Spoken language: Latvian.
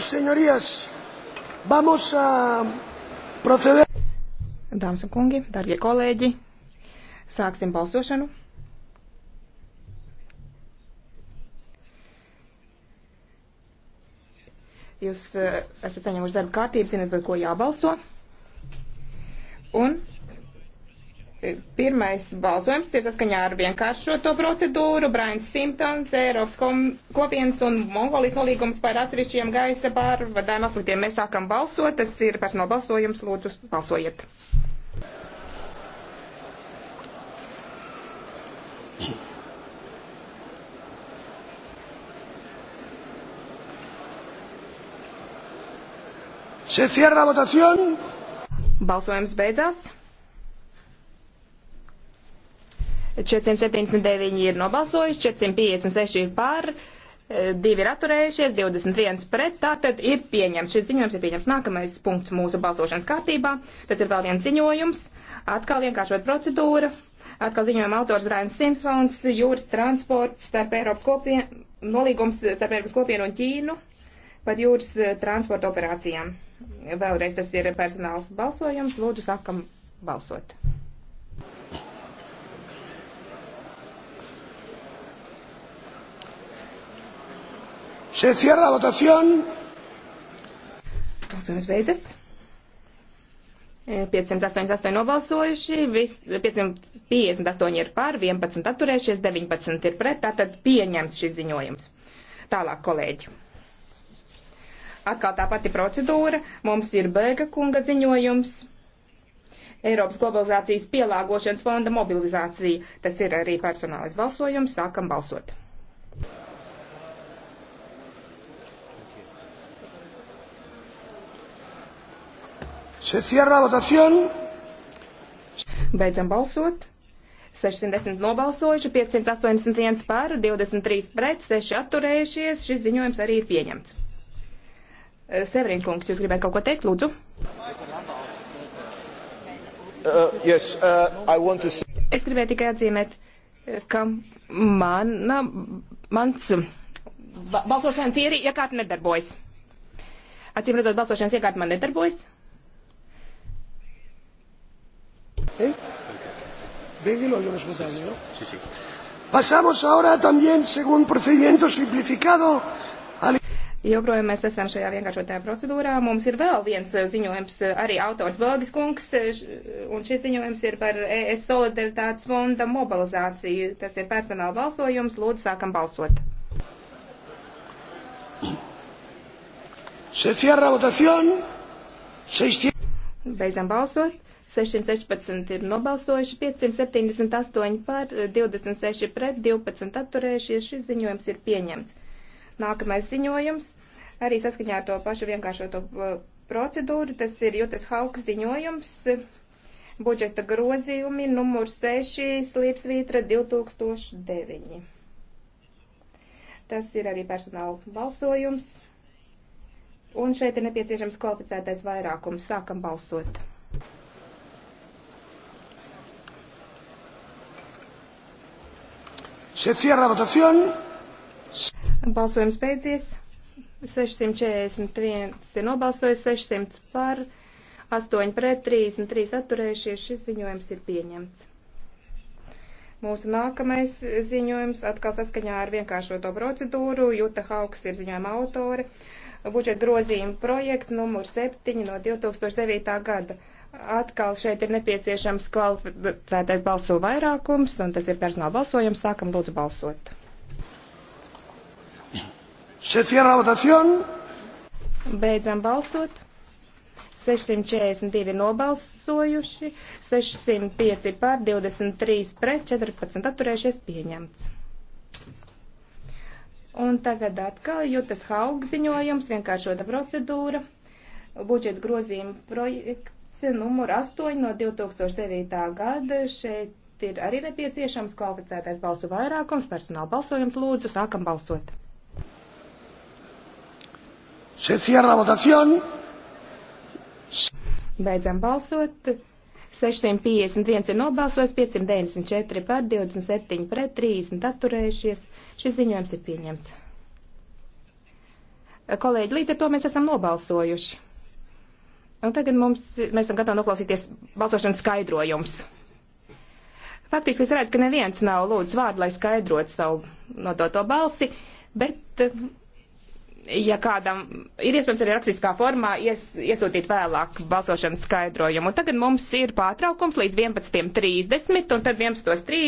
Bienvenidos, señorías. Vamos a proceder. Dāmas un kungi, darbie kolēģi, sāksim balsošanu. Jūs eh, esat saņēmuši darba kārtību, zinat, par ko jābalso. Un Pirmais balsojums ir saskaņā ar vienkāršoto procedūru. Brains Simptons, Eiropas kopienas un Mongolijas nolīgums par atsevišķiem gaisa pārvadājuma aspektiem. Mēs sākam balsot. Tas ir personāla balsojums. Lūdzu, balsojiet. Se cierra votación. Balsojums beidzās. 479 ir nobalsojuši, 456 ir par, 2 e, ir atturējušies, 21 pret, tātad ir pieņemts. Šis ziņojums ir pieņemts. Nākamais punkts mūsu balsošanas kārtībā. Tas ir vēl viens ziņojums. Atkal vienkāršot procedūru. Atkal ziņojuma autors Brains Simpsons, jūras transports starp Eiropas kopienu, nolīgums starp Eiropas kopienu un Ķīnu par jūras e, transporta operācijām. Vēlreiz tas ir personāls balsojums. Lūdzu, sākam balsot. Se cierra la votación. Balsojums beidzas. 588 nobalsojuši, vis, 558 ir pār, 11 atturējušies, 19 ir pret, tātad pieņems šis ziņojums. Tālāk, kolēģi. Atkal tā pati procedūra. Mums ir Bēga kunga ziņojums. Eiropas globalizācijas pielāgošanas fonda mobilizācija. Tas ir arī personālais balsojums. Sākam balsot. Se cierra la votación. Beidzam balsot. 610 nobalsojuši, 581 pār, 23 pret, 6 atturējušies. Šis ziņojums arī ir pieņemts. Eh, Severīna kungs, jūs gribētu kaut ko teikt, lūdzu? Uh, yes, uh, to... Es gribēju tikai atzīmēt, eh, ka mana, mans eh, balsošanas iekārta nedarbojas. Acīm redzot, balsošanas iekārta man nedarbojas. ¿Eh? Begui lo habíamos votado, ¿no? Sí, sí. Pasamos ahora también, según procedimiento simplificado, al... Joprojām mēs esam šajā vienkāršotajā procedūrā. Mums ir vēl viens eh, ziņojums, eh, arī autors Belgis kungs, eh, un šis ziņojums ir par ES solidaritātes fonda mobilizāciju. Tas ir personāla balsojums. Lūdzu, sākam balsot. Se cierra votación. Beidzam balsot. 616 ir nobalsojuši, 578 par, 26 pret, 12 atturējušies. Šis ziņojums ir pieņemts. Nākamais ziņojums arī saskaņā ar to pašu vienkāršoto uh, procedūru. Tas ir Jutes Hauks ziņojums. Budžeta grozījumi numur 6 slīpsvītra 2009. Tas ir arī personāla balsojums. Un šeit ir nepieciešams kvalificētais vairākums. Sākam balsot. Se cierra votación. Balsojums beidzies. 641 ir nobalsojis, 600 par, 8 pret, 33 atturējušies. Šis ziņojums ir pieņemts. Mūsu nākamais ziņojums atkal saskaņā ar vienkāršoto procedūru. Juta Hauks ir ziņojuma autore budžeta grozījuma projekts numur 7 no 2009. gada. Atkal šeit ir nepieciešams kvalificētais balsu vairākums, un tas ir personāla balsojums. Sākam lūdzu balsot. Se cierra votación. Beidzam balsot. 642 nobalsojuši, 605 pār, 23 pret, 14 atturējušies pieņemts. Un tagad atkal jūtas haug ziņojums, vienkāršota procedūra, budžeta grozījuma projekts numur 8 no 2009. gada. Šeit ir arī nepieciešams kvalificētais balsu vairākums, personāla balsojums lūdzu, sākam balsot. Se cierra votación. Beidzam balsot. 651 ir nobalsojis, 594 par, 27 pret, 30 atturējušies. Šis ziņojums ir pieņemts. Kolēģi, līdz ar to mēs esam nobalsojuši. Un tagad mums, mēs esam gatavi noklausīties balsošanas skaidrojums. Faktiski es redzu, ka neviens nav lūdzu vārdu, lai skaidrotu savu nodoto balsi, bet ja kādam ir iespējams arī rakstiskā formā ies, iesūtīt vēlāk balsošanas skaidrojumu. Un tagad mums ir pārtraukums līdz 11.30 un tad 11.30.